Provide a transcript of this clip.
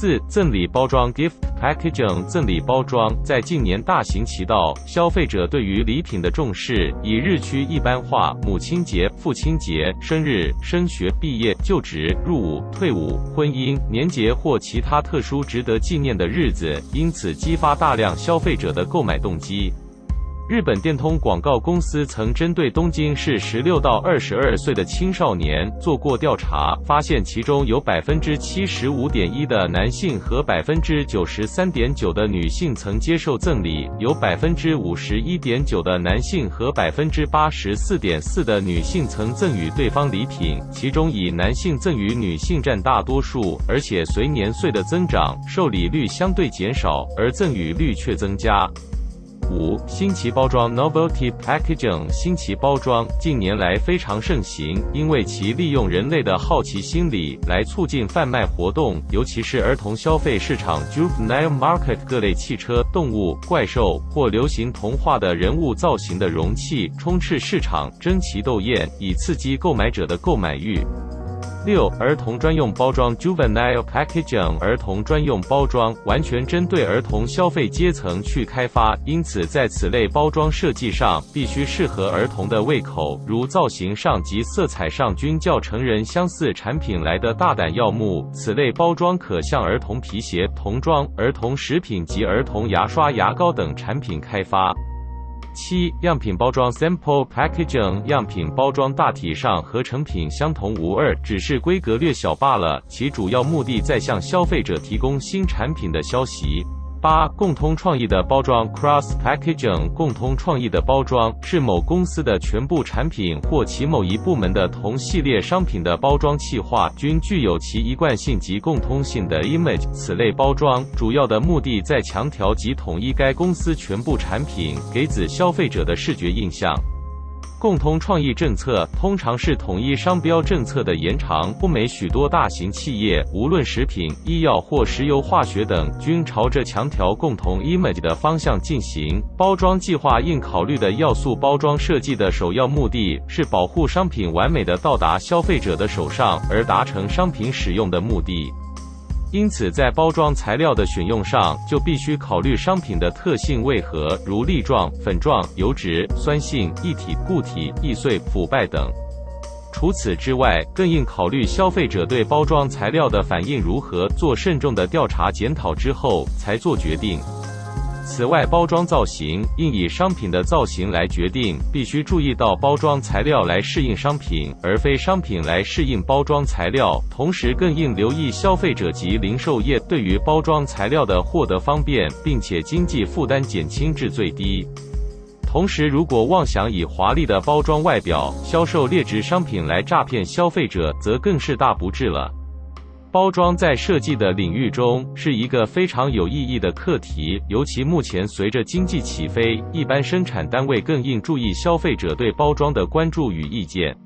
四贈禮包裝 gift packaging，贈禮包裝在近年大行其道，消費者對於禮品的重視已日趨一般化。母親節、父親節、生日、升學、畢業、就職、入伍、退伍、婚姻、年節或其他特殊值得紀念的日子，因此激發大量消費者的購買動機。日本電通廣告公司曾針對東京市16到22歲的青少年做過調查，發現其中有75.1%的男性和93.9%的女性曾接受贈禮，有51.9%的男性和84.4%的女性曾贈予對方禮品，其中以男性贈予女性佔大多數，而且隨年歲的增長，受禮率相對減少，而贈與率卻增加。五、新奇包裝 （Novelty Packaging） 新奇包裝近年來非常盛行，因為其利用人類的好奇心理來促進販賣活動，尤其是兒童消費市場 （Juvenile Market）。各類汽車、動物、怪獸或流行童話的人物造型的容器充斥市場，爭奇鬥豔，以刺激購買者的購買欲。六、兒童專用包裝 （Juvenile Packaging） 兒童專用包裝完全針對兒童消費階層去開發，因此在此類包裝設計上必須適合兒童的胃口，如造型上及色彩上均較成人相似產品來的大膽耀目。此類包裝可向兒童皮鞋、童裝、兒童食品及兒童牙刷、牙膏等產品開發。七、樣品包裝 sample packaging 樣品包裝大體上和成品相同無二，只是規格略小罷了，其主要目的在向消費者提供新產品的消息。八、共通創意的包裝 （Cross Packaging） 共通創意的包裝是某公司的全部產品或其某一部門的同系列商品的包裝企劃，均具有其一貫性及共通性的 image。此類包裝主要的目的在強調及統一該公司全部產品給子消費者的視覺印象。共同創意政策通常是統一商標政策的延長。歐美許多大型企業，無論食品、醫藥或石油化學等，均朝着強調共同 image 的方向進行。包裝計劃應考慮的要素，包裝設計的首要目的是保護商品完美的到達消費者的手上，而達成商品使用的目的。因此，在包裝材料的選用上，就必須考慮商品的特性為何，如粒狀、粉狀、油脂、酸性、液體、固體、易碎、腐敗等。除此之外，更應考慮消費者對包裝材料的反應如何，做慎重的調查檢討之後才做決定。此外，包裝造型應以商品的造型來決定，必須注意到包裝材料來適應商品，而非商品來適應包裝材料。同時，更應留意消費者及零售業對於包裝材料的獲得方便，並且經濟負擔減輕至最低。同時，如果妄想以華麗的包裝外表銷售劣質商品來詐騙消費者，則更是大不智了。包裝在設計的領域中是一個非常有意義的課題，尤其目前隨着經濟起飛，一般生產單位更應注意消費者對包裝的關注與意見。